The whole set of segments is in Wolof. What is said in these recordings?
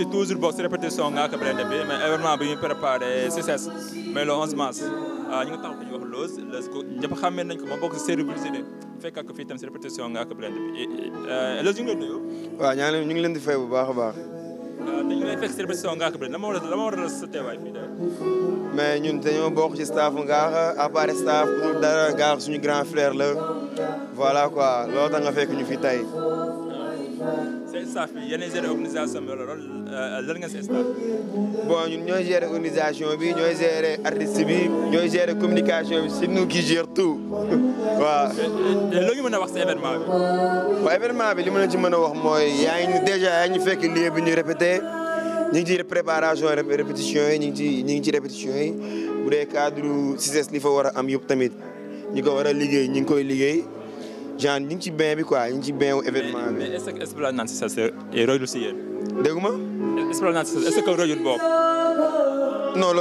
fi toujours box répétition nga ak Blindé bi mais événement bi ñu préparé CCS mais le 11 mars ah, ñu ngi taxaw fi ñu wax Loos Loos ko ñëpp xamee nañ ko ma bokk si série bu Sud fekk ak fii tam si répétition nga ak Blindé bi eh, eh, Loos ñu ngi leen nuyu. waaw ñaa ñu ngi leen di fay bu baax a baax. Ah, dañu lay fekk si répétition nga ak Blindé lan moo waral lan moo waral sa teewaay fii de. mais ñun dañoo bokk ci staff Ngaaxa à part staff pour dara Ngaaxa suñu grand frère la voilà quoi looloo tax nga fekk ñu fi tey. seen staff bi yéen a euh, lan ngeen seen staff bon ñun ñooy gérer organisation bi ñooy gérer artiste bi ñooy gérer communication bi c'est nous qui gère tout waaw. loo ñu mën a wax si événement bi. bi li ma leen ci mën a wax mooy yaa ñu déjà yaa ngi fekk lieu bi ñu répété. ñu ngi ci préparation répétition yi ñu ngi ci ñu ngi ci répétition yi bu dee sises CICES li fa war a am yëpp tamit ñu ko war a liggéey ñu ngi koy liggéey. genre ñu ngi ci bain bi quoi ñu ngi ci bain wu événement bi. mais est-ce que si yéen. déggu ma. Esplanade Nancet Sall est-ce que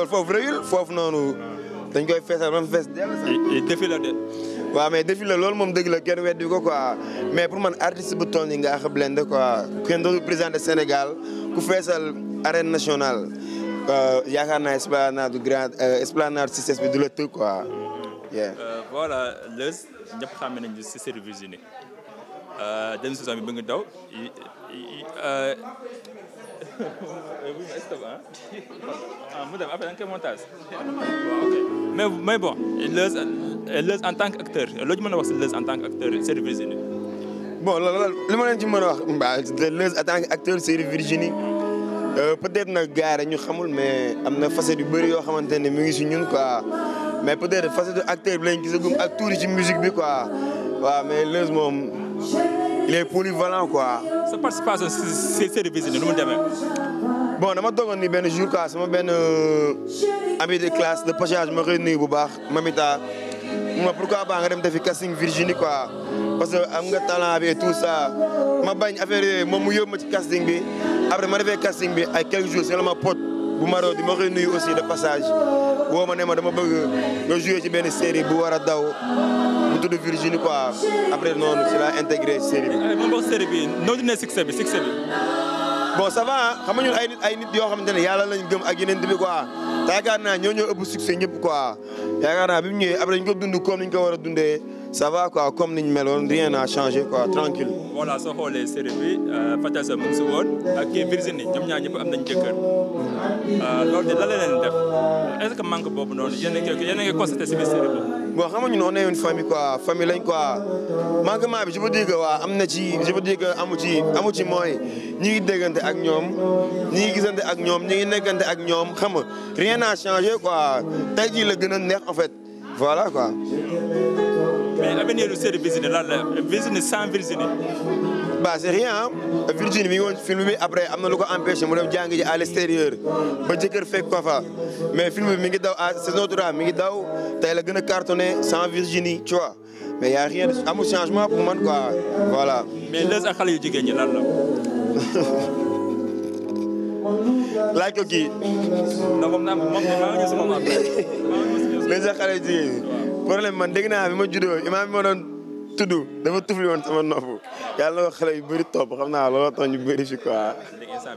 royul foofu noonu dañ koy feesal man fees dell sax. défi la de. waaw mais défi loolu moom dëgg la kenn weddi ko quoi mais pour man artiste bu toll nii nga xam Blindé quoi kenn dootul présidente Sénégal ku feesal arène national euh, yaakaar naa Esplanade du grand euh, Esplanade Cissesse bi du la tëgg quoi. Euh, ñëpp xàmme nañu si service yi nii euh, deuxième saison bi mu ngi daw euh, ah, mu dem après da nga koy montage mais mais bon Leuz Leuz en tant que acteur loo ñu mën a wax si Leuz en tant que acteur service yi nii bon loolu li ma leen ci mën a wax mbaa Leuz en tant que acteur série Virginie euh, peut-être nag gars ñu xamul mais am na facette yu bëri yoo xamante ne mi ngi si ñun quoi mais peut-être facette acteur bi lañ gisagum ak tuuti ci musique bi quoi waaw mais les moom il est polyvalent quoi. sa participation si série bi ni mu demee. bon dama toogoon ni benn jour quoi sama benn euh, ami de classe de passage ma koy nuyu bu baax Mamita mu ma pourquoi pas nga dem defi casting Virginie quoi parce que am nga talent bi tout ça ma bañ affaire yooyu moom mu yóbbu ma ci casting bi après ma defee casting bi ay quelques jours si la ma pot. bu Marodi ma koy nuyu aussi de passage woo ma ne ma dama bëgg nga joué ci benn série bu war a daw bu tudd Virginie quoi après noonu ci la intégré série bi. série bi noo dina succès bi succès bi. bon ça va xam nga ñun ay nit ay nit yoo xamante ne yàlla lañ gëm ak yeneen bi quoi te yaakaar naa ñoo ñoo ëpp succès ñëpp quoi yaakaar naa bi mu ñëwee après ñu ko dund comme ni ko war a dundee. ça va quoi comme niñ meloon rien n'a changé quoi tranquille voilà soo xoolee série bi euh, Fatia Sow mu ak kii Virginie ñoom ñaar ñëpp am nañ jëkkër euh, loolu de la leen def est-ce manque boobu noonu yéen a ngi yéen a ngi constaté si biir série bi bon xam nga ñun on est une famille quoi famille lañ quoi manquement bi je veux dire waa am na ci je veux amu ci amu ci mooy ñi ngi déggante ak ñoom ñi ngi gisante ak ñoom ñi ngi nekkante ak ñoom xam nga rien n'a changé quoi tey la gën a neex en voilà quoi mais avenir lu série Virginie lan la Virginie sans Virginie. bah c'est rien ah Virginie mi après am na lu ko empêché mu dem jàng ji à l'extérieur ba jëkkër fekk ko fa mais film mi ngi daw à saison mi ngi daw tey la gën a cartonné sans Virginie tu vois mais rien amul changement pour man quoi voilà. mais les ak xale yu jigéen ñi lan la. laaj ko kii. non moom naa moom maa problème man dégg naa bi ma juddoo imaam bi ma doon tudd dafa tufli woon sama nopp yàlla ko xale yu bëri topp xam naa looloo tax ñu fi quoi. léegi instant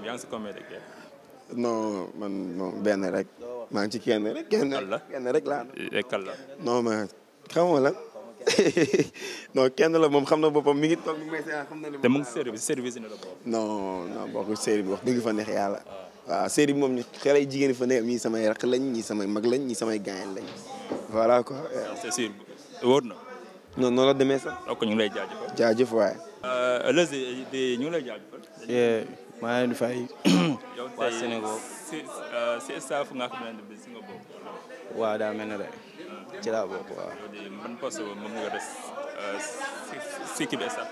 bi benn rek maa ngi ci kenn rek kenn rek laa. Eh, kàll la non ma xamoo la non kenn la moom xam na boppam mi ngi toog mi ngi may seetaan xam na. te mu ngi service service dina la bokk. non non bokkul série bi wax dëgg fa neex yàlla. Ah. waaw série bi moom ñu xale jigéen fa nekk ñii samay raq lañ ñii samay mag lañ ñii samay gaañ lañ. voilà quoi. si wóor na. non noonu la demee sax. donc ñu ngi lay jaajëfal. jaajëf waay. Leuze ñu ngi maa ngi leen di fay. waa Sénégal euh, si si staff daa mel ne rek ci laa bokk waaw. ban poste moom nga des euh, si si équipe staff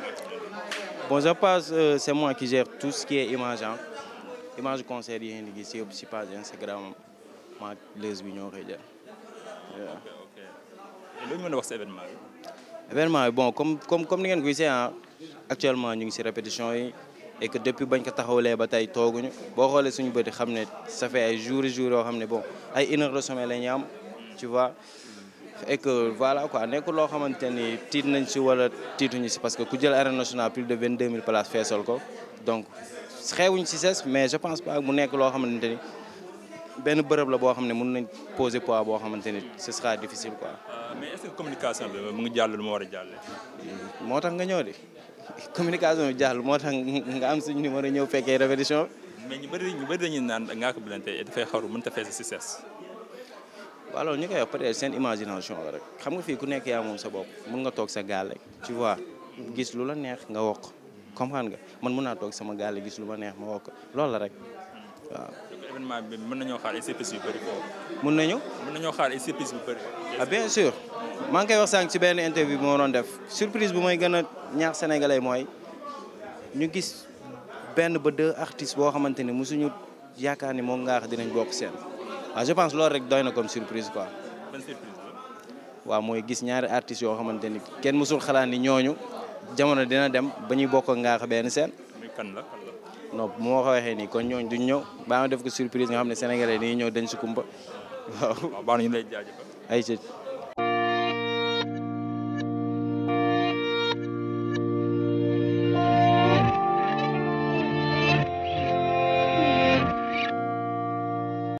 bon euh, c'est moi qui gère tout ce qui est image image concert yi ngeen di gis yëpp si page Instagram maak Leuze bi ñoo koy jël. lu ñu mën a wax si événement bi. bon comme comme comme ni ngeen ko gisee ah actuellement ñu ngi si répétition yi et depuis bañ ko taxawalee ba tey tooguñu boo xoolee suñu bëti xam ne ça fait ay jours et yoo xam ne bon ay une de sommeil la ñu am tu vois. et que voilà quoi nekkul loo xamante ni tiit nañ si wala tiituñu si parce que ku jël arène nationale plus de 22000 places feesal ko donc xeewuñ si ses mais je pense pas mu nekk loo xamante ni. benn bërëb la boo xam ne mën nañ poser poids boo xamante ni ce sera difficile quoi. Euh, mais mu ngi jàll lu ma war a jàllee. moo tax nga ñëw de communication bi jàll moo tax nga am suñu numéro ñëw fekkee répétition bi. ñu bëri ñu bëri dañuy naan ngaa ko bilante dafay xaru mënut a fees si ses. waaw loolu ñu koy wax peut seen imagination la rek xam nga fii ku nekk yaa moom sa bopp mën nga toog sa gaal ci tu gis lu la neex nga wokk comprendre nga man mën naa toog sama gaal gis lu ma neex ma wokk loolu la rek. waaw. événement bi mën nañoo xaar ay surprise yu bëri. mën nañu. mën nañoo xaar ay surprise yu bëri. ah bien sûr maa ngi koy wax sànq ci benn interview bi ma doon def surprise bu may gën a ñaax sénégalais mooy ñu gis benn ba deux artistes boo xamante ni mosuñu yaakaar ni moom Ngaax dinañ bokk seen waaw ah, je pense loolu rek doy na comme surprise quoi. ban surprise waaw mooy gis ñaari artistes yoo xamante ni kenn mosul xalaat ni ñooñu jamono dina dem ba ñuy bokk ak Ngaax benn seen. la. non moo ko ni nii kon ñooñ duñ ñëw baa nga def ko surprise nga xam ne sénégalais dañuy ñëw dañ si kumpa waaw. waaw baax na ñu lay a ay